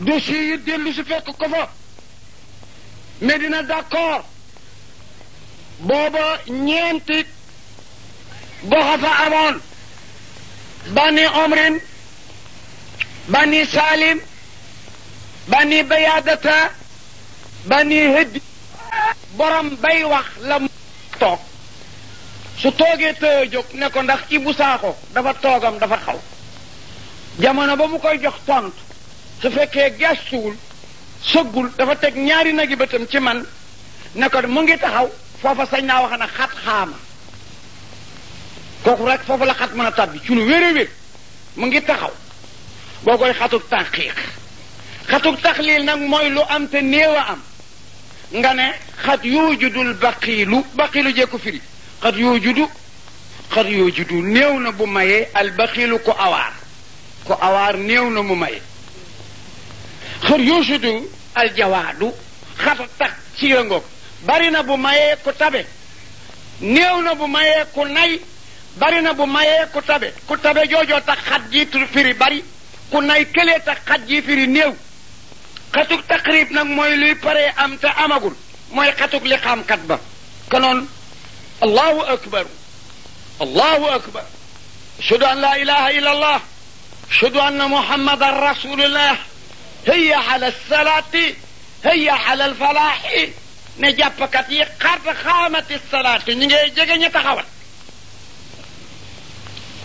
dossier yi dellu si fekk ko fa Medina d'accord booba ñeenti goxa fa amoon bani omrin bani salim bani bayaadata bani hëddi borom bay wax la mu toog su toogee tëye jóg ne ko ndax Ibou Sakho dafa toogam dafa xaw jamono ba mu koy jox tontu su fekkee gestuwul sëggul dafa teg ñaari nag yi bëtam ci man ne mu ngi taxaw foofa sañ naa wax ne xat xaama kooku rek foofu la xat mën a tàbbi ci lu wér wér mu ngi taxaw boo koy xatuk tànqiix xatuk taxliil nag mooy lu am te néew am nga ne xat yoo judul baqiilu baqiilu ko firi xat yoo judu xat yoo judu néew na bu mayee al baqiilu ko awaar ko awaar néew na mu maye xër yuusutu aljawaadu xata tax ci bari na bu mayee ku tabe néew na bu mayee ku nay bari na bu mayee ku tabe ku tabe joojoo tax xat ji firi bari ku nay këlee tax xat ji firi néew xatuk taqrib nag mooy luy paree am te amagul mooy xatuk li xaamkat ba kanoon allahu akbar allahu akbar ashhadu an la ilaha illa allah ashhadu anna muhammadan rasulullah hëyya ala salaati hëyya ala alfalaaxi ne jàppkat yi xar xaamati salaati ñu ngay jege ña taxawal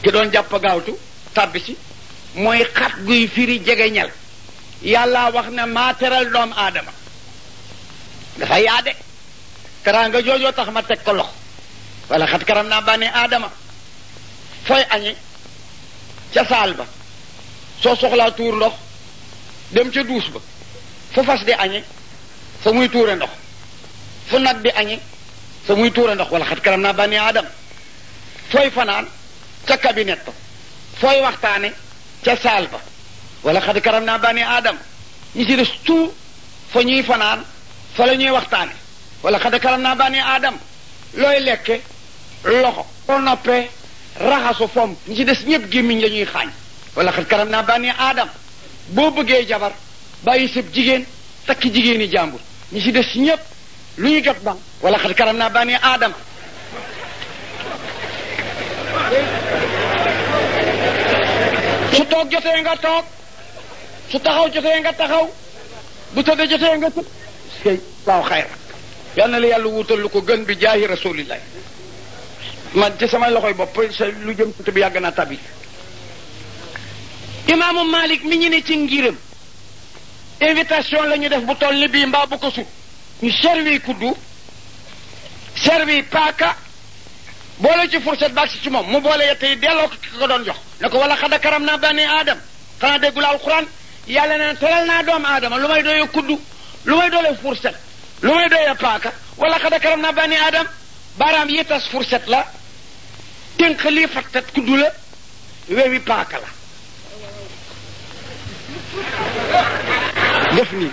ki doon jàpp gaawtu tàbbi si mooy xat guy firi jege ñel yàlla wax ne maa teral doom aadama dafa yaade teraanga joojoo tax ma teg ko loxo wala xat karam naa bànnee aadama fooy añi ca saal ba soo soxlaa tuur ndox dem ca duus ba fa fas di añe fa muy tuure ndox fu nag di añe fa muy tuure ndox walla xat karam naa bani adam fooy fanaan ca cabinet ba fooy waxtaane ca saal ba wala xat karam naa bani aadam ñi si des tout fa ñuy fanaan fa la ñuy waxtaane wala xat karam naa bani aadam looy lekke loxo boo noppee raxasu fomp ñi ci des ñëpp gémmiñ la ñuy xaañ wala xat karam naa bani aadam boo bëggee jabar bàyyi sëb jigéen takki jigéeni jàmbur ñi si des ñépp lu ñu jot ban wala xat karam naa bani aadama su toog jotee nga toog su taxaw jotee nga taxaw bu tëdd jotee nga tëdd kay waaw xayra yal na la yàlla wuutal lu ko gën bi jaayi rasulillahi man ci samay loxoy bopp sa lu jëm ci bi yàgg naa tabi imaamu Malik mi ñu ne ci ngiram invitation la ñu def bu toll ni bii mbaa bu ko sut ñu servi kuddu servi paaka boole ci fourchette baax si ci moom mu boole yette yi delloo ko ki ko doon jox ne ko wala xada karam naa bani aadam xanaa déggul alquran yàlla ne teral naa doomu aadama lu may doyee kuddu lu may doole fourchette lu may doyee paaka wala xada karam naa bani aadam baaraam yi tas fourchette la tënk lii fattat kuddu la wewi paaka la def nii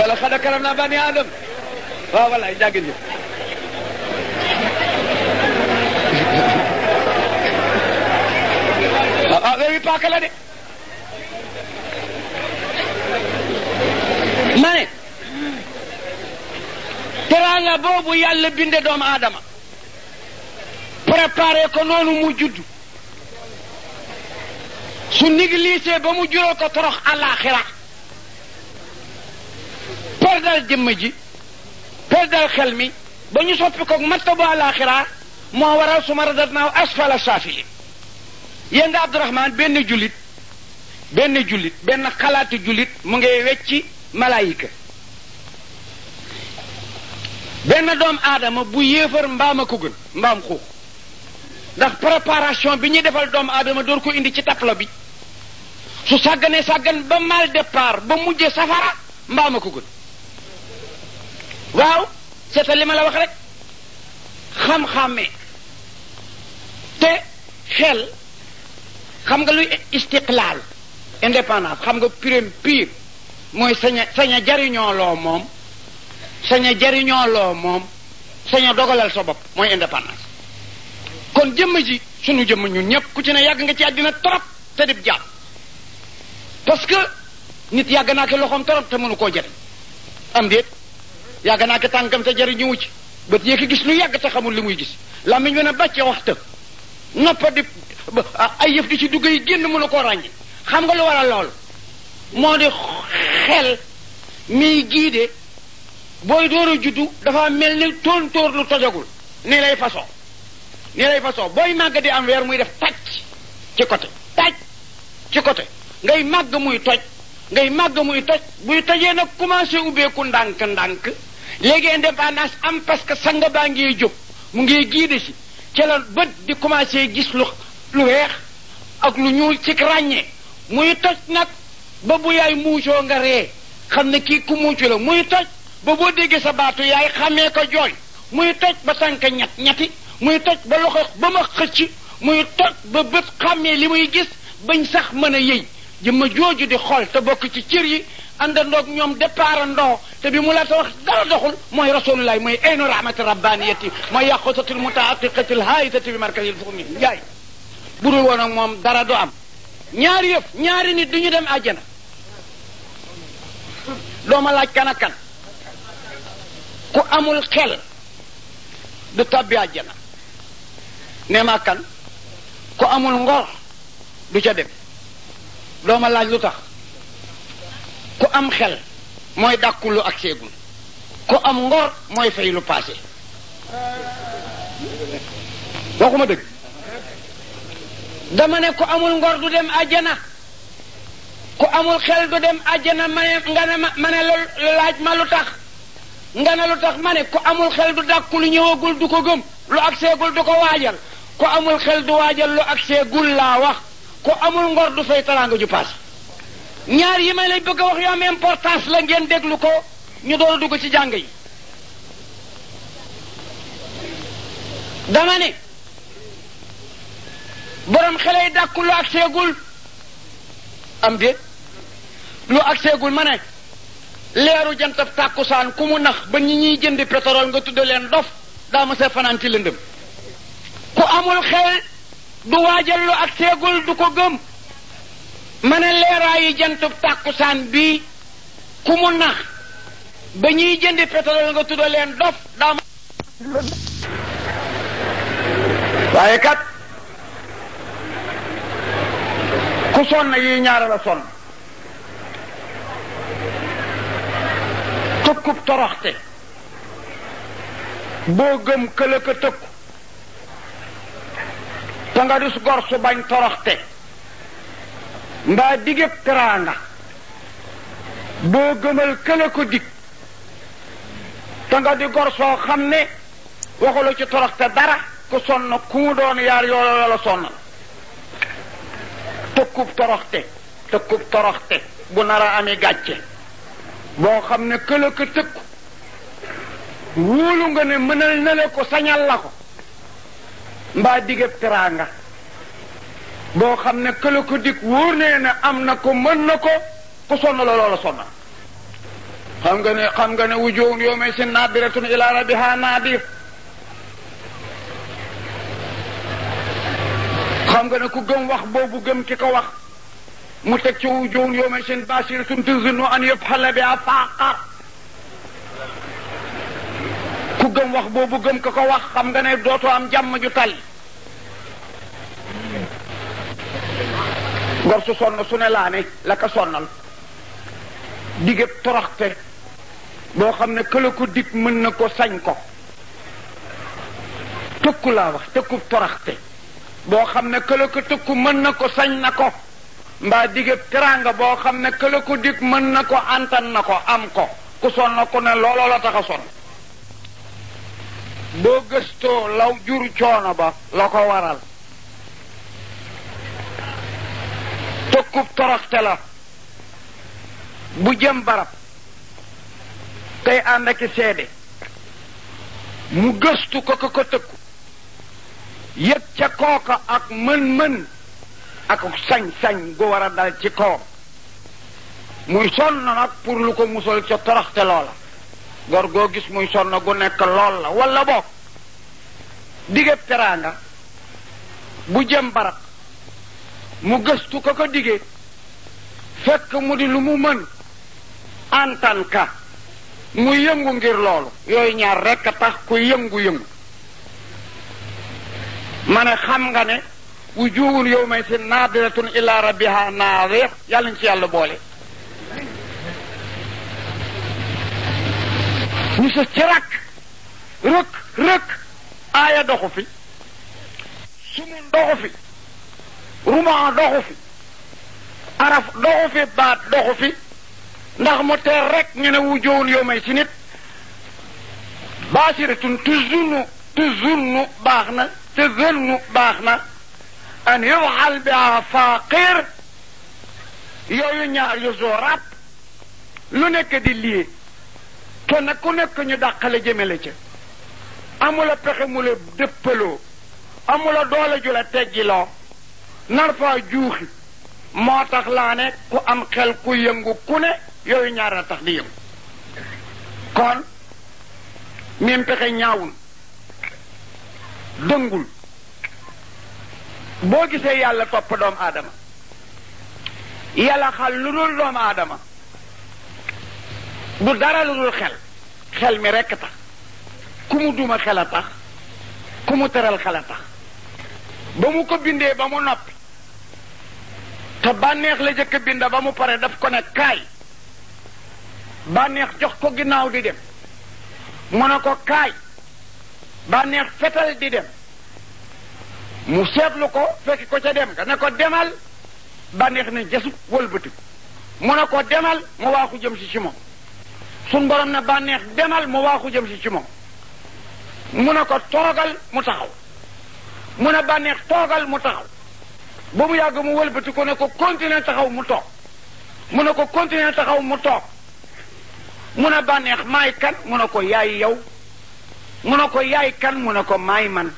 wala xada karam naa bani adam waaw wallaay jàgg ni ah, ah wewi paaka la de ma teraanga boobu yàlla binde doomu aadama préparé ko noonu mu judd su négligé ba mu jural ko torox àllaaxira perdal jëmm ji perdal xel mi ba ñu soppi ko martabu àllaaxira moo waral su ma naaw asfala saafili yéen nga Abdourahman benn jullit benn jullit benn xalaatu jullit mu ngay wecci malaayika benn doom aadama bu yéefar mbaam a ko gën mbaam xuux ndax préparation bi ñuy defal doom aadama door ko indi ci tapla bi su sàgganee sàggan ba mal départ ba mujjee safara mbaama ko gën waaw seetal li ma la wax rek xam-xàmmee te xel xam nga luy istiqlaal indépendance xam nga purem pire mooy sañ a sañ a jariñoo loo moom sañ a jariñoo loo moom sañ dogalal sa bopp mooy indépendance kon jëmm ji sunu jëmm ñun ñëpp ku ci ne yàgg nga ci àddina trop te dib jaam parce que nit yàgg naa ke loxoom trop te mënu koo jëriñ am déet yàgg naa ke tànkam te jëriñ ñëwu ci bët yéeki gis lu yàgg te xamul li muy gis làmmiñ mën a bàcce waxta noppa di ay yëf di ci dugg yi génn mënu koo ràññi xam nga lu waral lool moo di xel miy de booy door a juddu dafa mel ni tóontóor lu tojagul ni lay façon ne lay façon booy màgg di am weer muy def tàcc ci côté tàcc ci côté ngay màgg muy toj ngay màgg muy toj buy tojee nag commencé ubbeeku ndànk-ndànk léegi indépendance am parce que sanga baa ngi jóg mu ngi giide si ci la bët di commencé gis lu lu weex ak lu ñuul ci ràññee muy toj nag ba bu yaay muusoo nga ree xam ne kii ku muucu la muy toj ba boo déggee sa baatu yaay xamee ko jooy muy toj ba tànk ñett ñetti muy toj ba loxo ba ma xëcc muy toj ba bët xàmmee li muy gis bañ sax mën a yëy jëmma jooju di xool te bokk ci cër yi and àndandoog ñoom départ andoo te bi mu la ta wax dara doxul mooy rasulullah mooy aynu rahmati rabbaniyati mooy yàqutatil mutaatiqatil haayitati bi markazil fumi jaay budul woon ak moom dara du am ñaari yëf ñaari nit du dem àjjana doo ma laaj kan ak ku amul xel du tabbi àjjana ne ma kan ku amul ngor du ca dem doo ma laaj lu tax ku am xel mooy dàkku lu ak seegul ku am ngor mooy fay lu paase waxuma dëgg dama ne ku amul ngor du dem àjjana ku amul xel du dem àjjana ma ne nga ne laaj ma lu tax nga ne lu tax ma ne ku amul xel du dàkku lu ñëwagul du ko gëm lu ak seegul du ko waajal ku amul xel du waajal lu ak see gul laa wax ku amul ngor du fay taraanga ju paas ñaar yi may lay bëgg a wax yu am importance la ngeen déglu ko ñu door a dugg ci jàng yi dama ne borom xelay dàkku lu ak seegul am déet lu ak seegul ma ne leeru jantab tàkkusaan ku mu nax ba ñu ñuy jënd pétrole nga tudd leen dof daa ma sa fanaan ci lëndëm ku amul xel du waajal lu ak seegul du ko gëm ma ne leeraayu jantub tàkkusaan bi ku mu nax ba ñuy jëndi pétrole nga tudda leen dof daa waaye kat ku sonn yii ñaara la sonn tëkkub toroxte boo gëm këla ko tëkku te nga dus gor su bañ toroxte mbaa digéb teraanga boo gëmal këla ko dig te nga di gor soo xam ne waxula ci toroxte dara ku sonn ku mu doon yaar yoola la sonnal tëkkub toroxte tëkkub toroxte bu nar a gàcce boo xam ne këla ko tëkku wóolu nga ne mënal na la ko sañal la ko mbaa digeb teraanga boo xam ne këla ko dig wóor nee am na ko mën na ko ku sonn la loola xam nga ne xam nga ne wujuhun yawma sin nadiratun ila rabbiha nadir xam nga ne ku gëm wax boobu gëm ki ka wax mu tek ci wujuhun yawma sin basiratun tazunnu an yaf'ala biha a ku gëm wax boobu gëm ko ko wax xam nga ne dootoo am jàmm ju tal gor su sonn su ne laa ne la ko sonnal digéb toroxte boo xam ne këla ko dig mën na ko sañ ko tëkku laa wax tëkkub boo xam ne këla ko mën na ko sañ na ko mbaa digéb teraanga boo xam ne këla ko dig mën na ko antan na ko am ko ku sonn ku ne looloo la tax sonn boo gëstoo law jur coono ba la ko waral tëkkub toroxte la bu jëm barab tey ànd ak seede mu gëstu ko ko ko tëkku yëg ca kooka ak mën-mën ak sañ-sañ gu war dal ci kawam muy sonn nag pour lu ko musal ca toroxte loola gor goo gis muy sonn gu nekk lool la wala boog digéb teraanga bu jëm barab mu gëstu ko ko digee fekk mu di lu mu mën antan ka mu yëngu ngir loolu yooyu ñaar rekk a tax ku yëngu-yëngu ma ne xam nga ne wujuhun yawma sin naadiratun ila rabbiha naadir yàlla ñu ci yàlla boole ñu sës ci rakk rëkk rëkk aaya doxu fi sumun doxu fi ruman doxu fi araf doxu fi baat doxu fi ndax mu teer rek ñu ne wu jowul yow may si nit baasiratun tuzunnu tuzunnu baax na tuzunnu baax na an yuxal bi afaaqir yooyu ñaar yu zoo ràpp lu nekk di lii kon kenn ku nekk ñu dàqale jëmele ca amula pexe mu la dëppaloo amula doole ju la teggiloo nar faa juuxi moo tax laa ne ku am xel ku yëngu ku ne yooyu ñaar a tax di yëngu kon mim pexe ñaawul dëngul boo gisee yàlla topp doomu aadama yàlla xal lu dul doomu aadama du dara lu xel xel mi rekk tax ku mu duma xel a tax ku mu tëral xel a tax ba mu ko bindee ba mu noppi te bànneex la jëkk binda ba mu pare daf ko ne kaay bànneex jox ko ginnaaw di dem mu ne ko kaay bànneex fetal di dem mu seetlu ko fekk ko ca dem nga ne ko demal bànneex ne jasut wëlbatiku mu ne ko demal mu waaxu jëm si ci moom sun borom na bànneex demal mu waaxu jëm si ci moom mu ne ko toogal mu taxaw mu ne bànneex toogal mu taxaw ba mu yàgg mu wëlbati ko ne ko continuer taxaw mu toog mu ne ko continuer taxaw mu toog mu ne bànneex maay kan mu ne ko yaay yow mu ne ko yaay kan mu ne ko maay man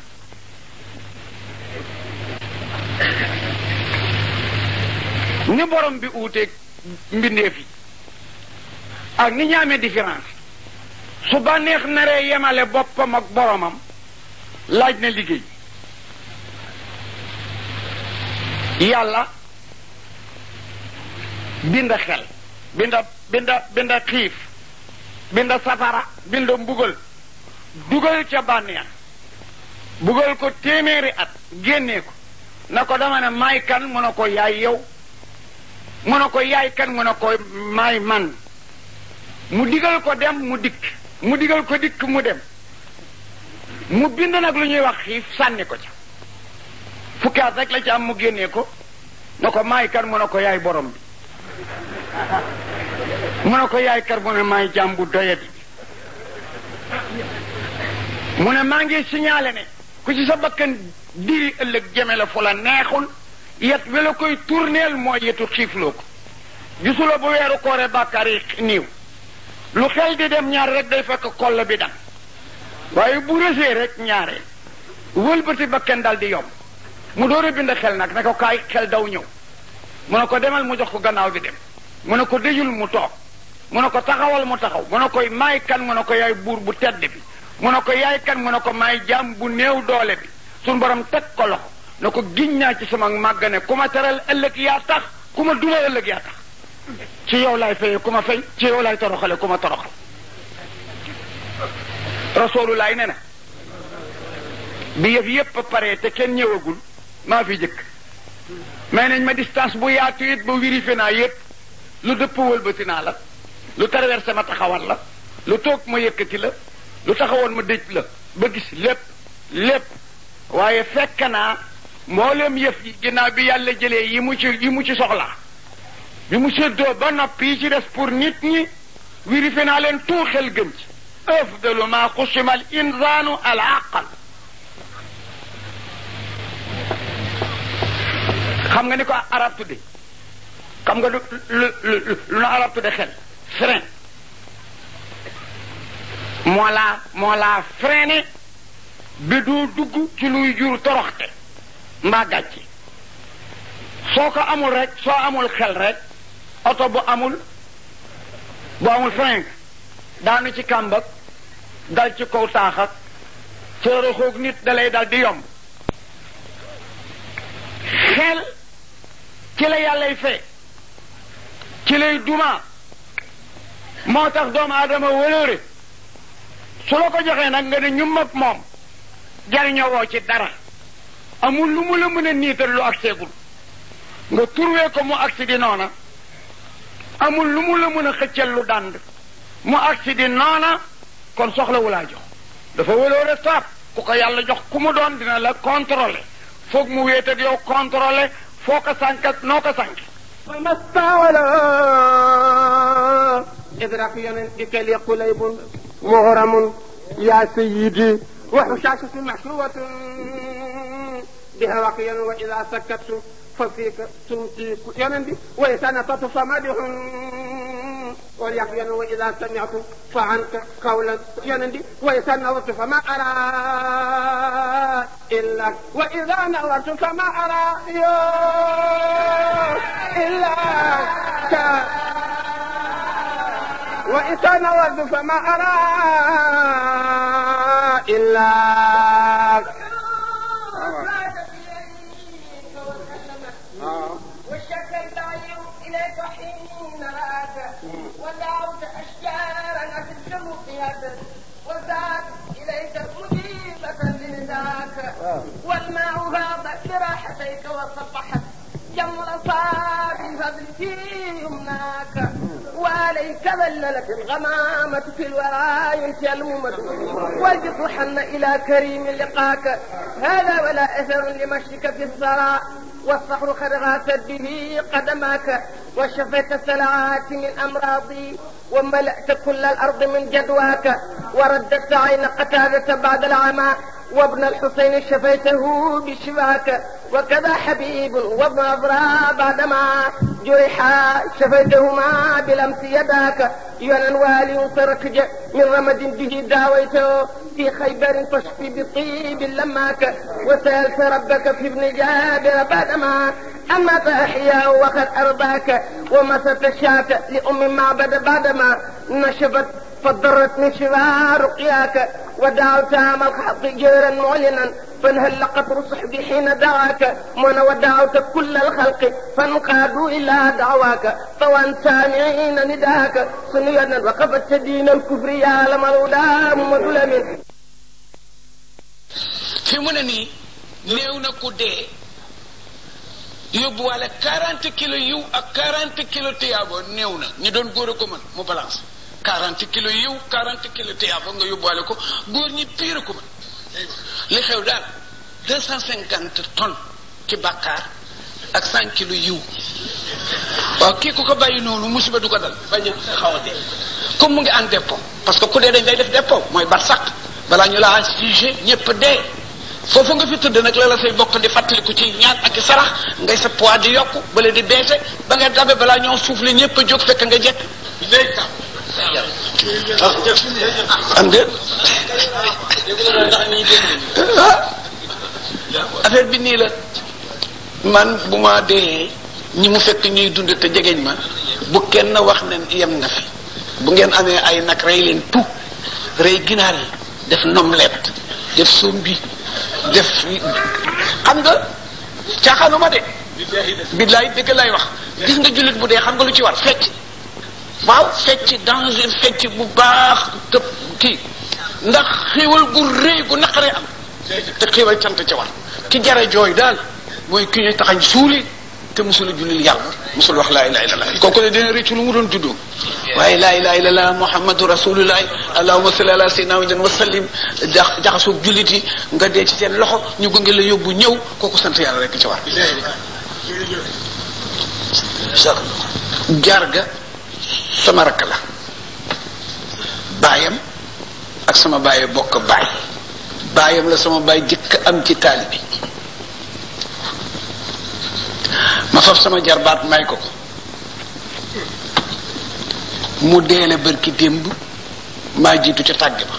ni borom bi uuteeg mbindeef yi ak ni ñu amee différence su bànneex naree yemale boppam ak boromam laaj na liggéey yàlla binda xel binda binda binda xiif binda safara binda mbugal dugal ca bànneex bugal ko téeméeri at génnee ko na ko dama ne maay kan mu ne ko yaay yow mu ne ko yaay kan mu ne ko maay man mu digal ko dem mu dikk mu digal ko dikk mu dem mu bind nag lu ñuy wax xiif sànni ko ca fukki at rek la ci am mu génnee ko na ko maay kar mu ne ko yaay borom bi mu ne ko yaay kar mu ne maay bu doyati mu ne maa ngi signalé ne ku ci sa bakkan diri ëllëg jëme la fu la neexul yet wi koy tourneel mooy yetu xiifloo ko gisuloo bu weeru koore bàkkaar niiw lu xel di dem ñaar rek day fekk koll bi dam waaye bu rësee rek ñaare wëlbati ba kenn dal di yomb mu door a bind xel nag ne ko kaay xel daw ñëw mu ne ko demal mu jox ko gannaaw bi dem mu ne ko dëjul mu toog mu ne ko taxawal mu taxaw mu ne koy maay kan mu ne ko yaay buur bu tedd bi mu ne ko yaay kan mu ne ko maay jaam bu néew doole bi suñ borom teg ko loxo ne ko giñ naa ci sama màgg ne ku ma teral ëllëg yaa tax ku ma duma ëllëg yaa tax ci yow laay fayee ku ma fay ci yow laay toroxale ku ma toroxal rasoolulaay ne na bi yëf yépp pare te kenn ñëwagul maa fi jëkk may nañ ma distance bu yaatu it ba vérifié naa yépp lu dëpp wëlbati naa la lu traversé ma taxawan la lu toog ma yëkkati la lu taxawoon ma dëj la ba gis lépp lépp waaye fekk naa mboolem yëf yi ginnaaw bi yàlla jëlee yi mu ci yi mu ci soxlaa bi mu séddoo ba noppi yi ci des pour nit ñi wirife naa leen tuuxel gën ci afdalu ma xusima al insaanu al aqal xam nga ni ko arab tudde xam nga lu lu na arab tudde xel frein moo laa moo bi doo dugg ci luy jur toroxte mbaa gàcce soo ko amul rek soo amul xel rek oto bu amul bu amul frein daanu ci kàmbak dal ci kaw taax ak fóoroxoog nit dalay dal di yomb xel ci la yàllay fee ci lay duma moo tax doomu aadama wëlëre su la ko joxee nag nga ne ñu mag moom jariñoo woo ci dara amul lu mu la mën a niital lu ak seegul nga turwee ko mu agsi di noona amul lu mu la mën a xëccal lu dànd mu accident noona kon soxlawulaa jox dafa wëloore taab ku ko yàlla jox ku mu doon dina la contrôler foog mu wéet ak yow contrôler foo ko sànq ak noo ko sànq wamastawala idrak yonen di keli qulaybun muhramun ya sayidi wa xushaasu si mahsuwatun biha waqiyan wa ida sakkatu ففيك تمتي ينندي وإذا نطت فمدح وليقين وإذا سمعت فعنك قولا ينندي وإذا نظرت فما أرى إلا وإذا نظرت فما أرى إلا ك وإذا نظرت فما أرى إلا ذاك وذاك إليك مجيبة لذاك والماء هذا لراحتيك وصبحك جمل صار فضلي يمناك وعليك ذللت الغمامة في الوراء ينشي الممد والجف حن إلى كريم لقاك هذا ولا أثر لمشيك في الثراء والصحر قد غاثت به قدماك وشفيت السلعات من أمراضي وملأت كل الأرض من جدواك ورددت عين قتادة بعد العمى وابن الحسين شفيته بشفاك وكذا حبيب وابن أضرى بعدما جرحا شفيتهما بالأمس يداك يانا والي تركج من رمد به داويته في خيبر تشفي بطيب لماك وسألت ربك في ابن جابر بعدما أما تأحياه وقد أرضاك ومست الشاة لأم معبد بعدما نشفت فضرتني شفاها رقياك ودعوت عام الحق جيرا معلنا فانهل قطر صحبي حين دعاك وانا ودعوت كل الخلق فانقادوا الى دعواك فوان سامعين نداك سنيدا وقفت دين الكفر يا عالم الولا محمد الامين في منني néew na ku dee yóbbuwaale 40 kilos yiw ak 40 kilos tiyaabo néew na ñu doon góor a ko mën mu balance quarante kilos yiw quarante kilos tiyaaba nga yóbbaale ko góor ñi piir ko li xew daal deux cent cinquante tonnes ci bàkkaar ak cent kilo yiw waa kii ku ko bàyyi noonu musiba du ko dal bañ xaw a comme mu ngi en dépôt parce que ku dee dañ lay def dépôt mooy barsàq balaa ñu la assiégé ñëpp dee foofu nga fi tëdd nag la la say bokk di fàttaliku ci ñaan ak i sarax ngay sa poids di yokku bale di beese ba nga dabe balaa ñoo suuf la ñëpp a jóg fekk nga jekk léegi am ah, déet affaire bi nii la man bu ma dee ñi mu fekk ñuy dund te jegeñ ma bu kenn wax ne yem nga fi bu ngeen amee ay nag rey leen tout rey ginaar yi def nomlette def sombi def xam nga caaxaanuma de billaay dëgg lay wax gis nga jullit bu dee xam nga lu ci war fecc waaw fecc danger fecc bu baax dëpp kii ndax xiiwal gu rëy gu naqaree am te xiiwal cant ca war ki jara jooy daal mooy ki ñu taxañ suuli te musul a julil yàlla musul wax laa ilaha illallah kooku ne dina rëccu lu mu doon juddoo waaye laa ilaha illallah muhammadu rasulullahi allahuma salli ala sayyidina muhammadin wa sallim jax jaxasoo jullit yi nga dee ci seen loxo ñu gunge la yóbbu ñëw kooku sant yàlla rek ca war ga sama rakk la baayam ak sama baay bokk baay baayam la sama baay jëkk am ci bi ma faf sama jarbaat may ko ko mu deele bërki démb maa jiitu ca tàgg ba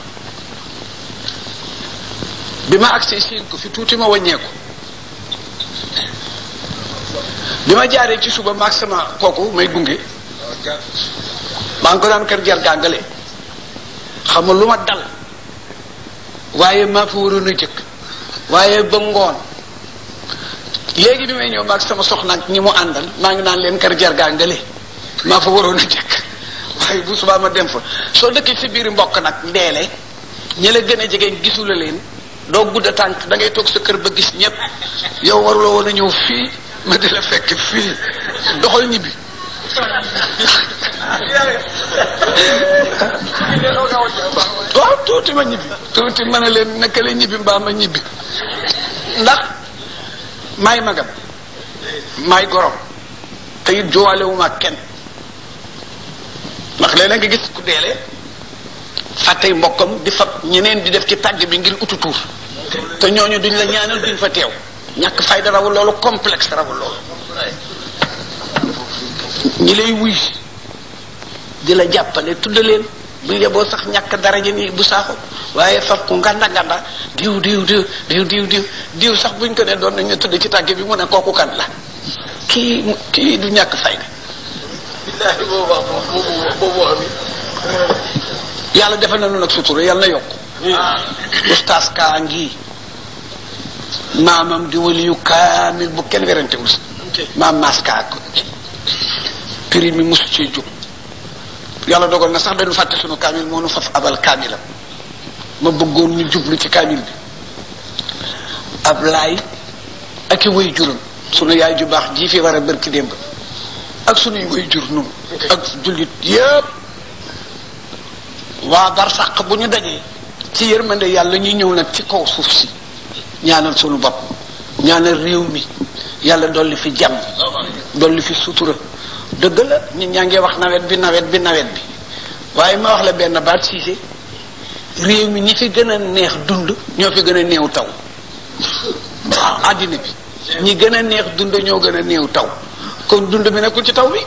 bi ma agsee seen fi tuuti ma wàññeeku bi ma jaaree ci suba ak sama kooku may gunge maa ngi ko daan kër jar gàngale xamul lu ma dal waaye maa fa waroon jëkk waaye ba ngoon léegi bi may ñëw maag sama soxna ak ñi mu àndal maa ngi naan leen kër jar gàngale maa fa waroon a jëkk waaye bu subaa ma dem fa soo dëkkee si biir mbokk nag ndeele ñi la gën a jege gisula leen doo gudda tànk dangay toog sa kër ba gis ñépp yow waruloo woon a ñëw fii ma di la fekk fii doxal ñibbi waaw tuuti ma ñibbi tuuti ma ne leen naka la ñibbi mbaa ma ñibbi ndax maay magam maay gorom te it kenn ndax léeg-léeg nga gis ku deele fàttey mbokkam di fab ñeneen di def ci tàgg bi ngir utu tuur te ñooñu duñ la ñaanal duñ fa teew ñàkk fayda rawul loolu complexe rawul loolu ñi lay wuy di la jàppale tudd leen bu yeboo sax ñàkk daraja nii bu saaxu waaye faf ku nganda nganda diw diw diw diw diw diw diw sax buñ ko ne doon nañu tudd ci tàgg bi mu ne kooku kan la kii kii du ñàkk fay yàlla defal na nu nag sutura yàlla na yokk ustaas kaa ngi maamam di waliyu kaamil bu kenn werante maam maas ko prix mi mosu cee jóg yàlla dogal na sax dañu fàtte sunu kaamil moo nu faf abal kaamilam ma bëggoon ñu jublu ci kaamil bi ab laay ak i way juram sunu yaay ju baax jii fi war a bërki démb ak sunuy way jur nun ak jullit yépp waa barsàq bu ñu dajee ci yërmande yàlla ñuy ñëw nag ci kaw suuf si ñaanal sunu bopp ñaanal réew mi yàlla dolli fi jàmm dolli fi sutura dëgg la nit ñaa ngi wax nawet bi nawet bi nawet bi waaye ma wax la benn baat siise réew mi ñi fi gën a neex dund ñoo fi gën a néew taw waaw àddina bi ñi gën a neex dund ñoo gën a néew taw kon dund bi nekkul ci taw bi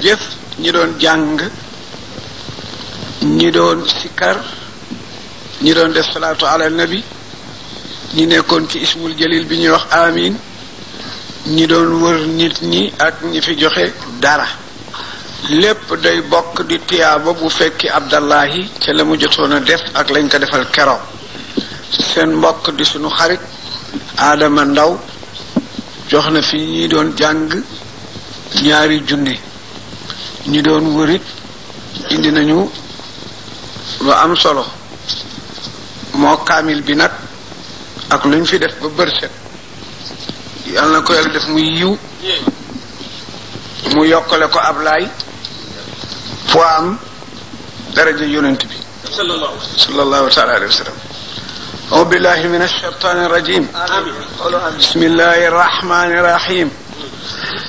jëf ñi doon jàng ñi doon sikkar ñi doon def salaatu ala nabi ñi nekkoon ci ismul jalil bi ñuy wax amin ñi doon wër nit ñi ak ñi fi joxe dara lépp day bokk di tiyaaba bu fekki abdallahi ca la mu jotoon a def ak lañ ko defal keroog seen mbokk di suñu xarit aadama ndaw jox na fi ñi doon jàng ñaari junni ñi doon wërit indi nañu lu am solo moo kaamil bi nag ak luñ fi def ba bërset yàlla na ko yàlla def muy yiw mu yokkale ko ab laay foo am daraja yonent bi sallallahu taala alayhi wa sallam أعوذ بالله من الشيطان الرجيم بسم الله الرحمن الرحيم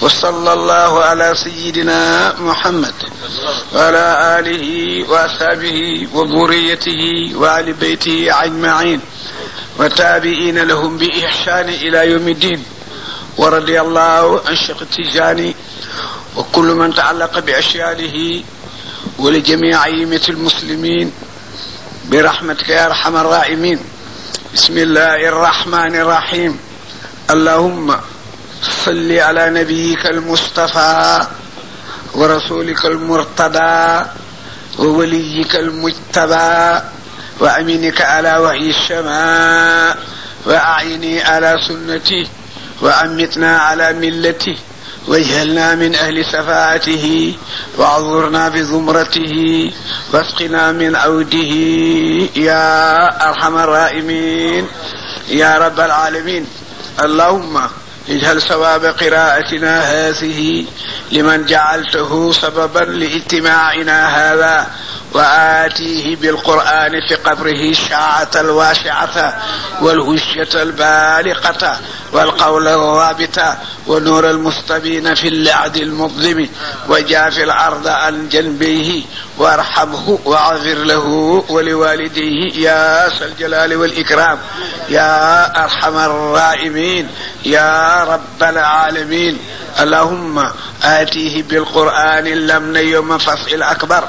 وصلى الله على سيدنا محمد وعلى آله وأصحابه وذريته وآل بيته أجمعين وتابعين لهم بإحسان إلى يوم الدين wa radiyallahu an cheikh tijani wa kullu man taallaqa bi ashyaarihi wa li jamii aimati almuslimin bi rahmatika ya arhama arrahimin bismillahi arrahmani arrahim allahumma salli ala nabiyika almustafa wa rasulika almurtada wa waliyika almujtaba wa aminika ala wahyi alsama wa aini ala sunnati وأمتنا على ملته واجعلنا من أهل شفاعته وأعذرنا بزمرته واسقنا من عوده يا أرحم الرائمين يا رب العالمين اللهم اجعل ثواب قراءتنا هذه لمن جعلته سببا لاجتماعنا هذا وآتيه بالقرآن في قبره الشاعة الواسعة والهجة البالغة والقول الرابطة ونور المستبين في اللعد المظلم وجاف العرض عن جنبيه وارحمه واغفر له ولوالديه يا ذا الجلال والإكرام يا أرحم الراحمين يا رب العالمين اللهم آتيه بالقرآن اللمن يوم فصل الأكبر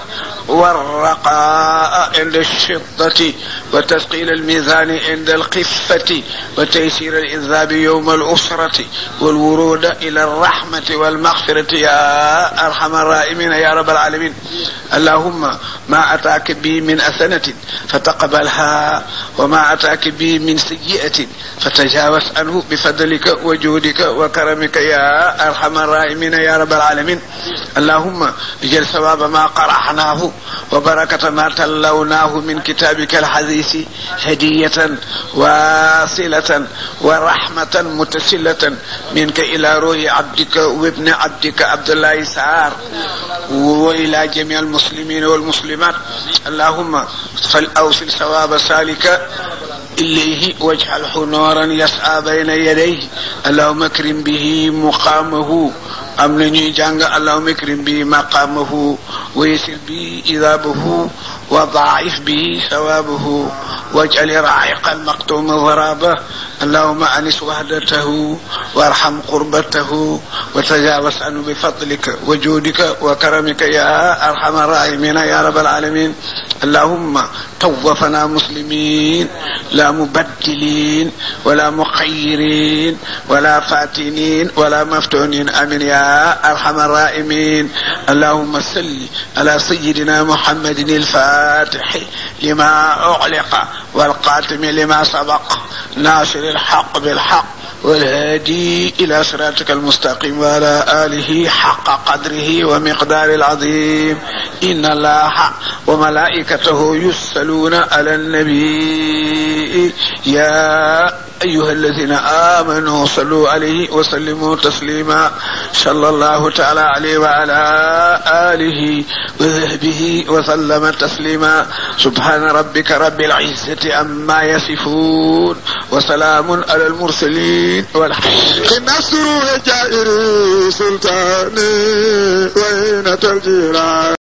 والرقاء عند الشدة وتثقيل الميزان عند الخفة وتيسير الإنذاب يوم الأسرة والورود إلى الرحمة والمغفرة يا أرحم الراحمين يا رب العالمين اللهم ما أتاك به من أسنة فتقبلها وما أتاك به من سيئة فتجاوز عنه بفضلك وجودك وكرمك يا أرحم الراحمين يا رب العالمين اللهم اجعل ثواب ما قرأناه وبركة ما تلوناه من كتابك الحديث هدية واصلة ورحمة متسلة منك إلى روح عبدك وابن عبدك عبد الله سعار وإلى جميع المسلمين والمسلمات اللهم فالأوصل ثواب سالك إليه واجعله نورا يسعى بين يديه اللهم اكرم به مقامه am na ñuy jàng allahuma ikrim bi maqamahu wa yasir bi idaabahu wa daif bi sawabahu واجعل رعيقا مقتوم غرابه اللهم انس وحدته وارحم قربته وتجاوز عنه بفضلك وجودك وكرمك يا ارحم الراحمين يا رب العالمين اللهم توفنا مسلمين لا مبدلين ولا مخيرين ولا فاتنين ولا مفتونين امين يا ارحم الرائمين اللهم صل على سيدنا محمد الفاتح لما اغلق والقاتم لما سبق ناصر الحق بالحق والهادي إلى صراطك المستقيم وعلى آله حق قدره ومقدار العظيم إن الله وملائكته يصلون على النبي يا أيها الذين آمنوا صلوا عليه وسلموا تسليما صلى الله تعالى عليه وعلى آله وذهبه وسلم تسليما سبحان ربك رب العزة أما يصفون وسلام على المرسلين والحمد نصر جائر سلطاني وإن ترجيرا